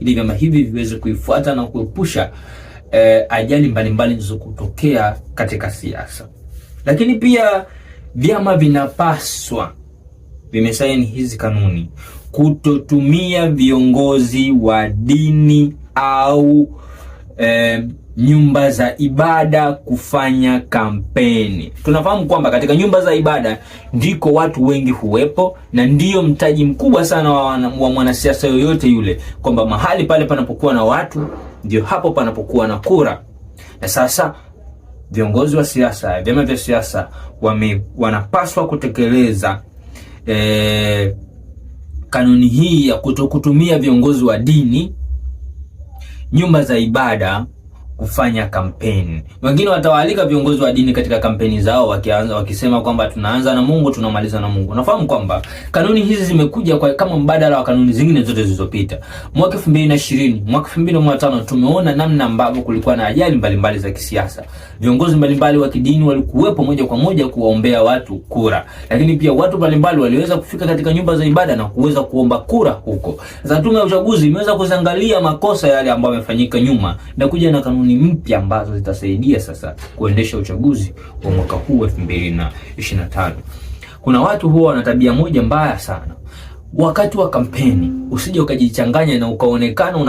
ili vyama hivi viweze kuifuata na kuepusha eh, ajali mbalimbali kutokea katika siasa. Lakini pia vyama vinapaswa, vimesaini hizi kanuni, kutotumia viongozi wa dini au eh, nyumba za ibada kufanya kampeni. Tunafahamu kwamba katika nyumba za ibada ndiko watu wengi huwepo na ndiyo mtaji mkubwa sana wa, wa mwanasiasa yoyote yule, kwamba mahali pale panapokuwa na watu ndio hapo panapokuwa na kura. Na sasa viongozi wa siasa, vyama vya siasa wame, wanapaswa kutekeleza eh, kanuni hii ya kutokutumia viongozi wa dini, nyumba za ibada kufanya kampeni. Wengine watawaalika viongozi wa dini katika kampeni zao wakianza wakisema kwamba tunaanza na Mungu tunamaliza na Mungu. Nafahamu kwamba kanuni hizi zimekuja kwa kama mbadala wa kanuni zingine zote zilizopita. Mwaka 2020, mwaka 2025 tumeona namna ambavyo kulikuwa na ajali mbalimbali za kisiasa. Viongozi mbalimbali wa kidini walikuwepo moja kwa moja kuwaombea watu kura. Lakini pia watu mbalimbali waliweza kufika katika nyumba za ibada na kuweza kuomba kura huko. Sasa tume ya uchaguzi imeweza kuzangalia makosa yale ambayo yamefanyika nyuma na kuja na kanuni kanuni mpya ambazo zitasaidia sasa kuendesha uchaguzi wa mwaka huu 2025. Kuna watu huwa wana tabia moja mbaya sana wakati wa kampeni, usije ukajichanganya na ukaonekana una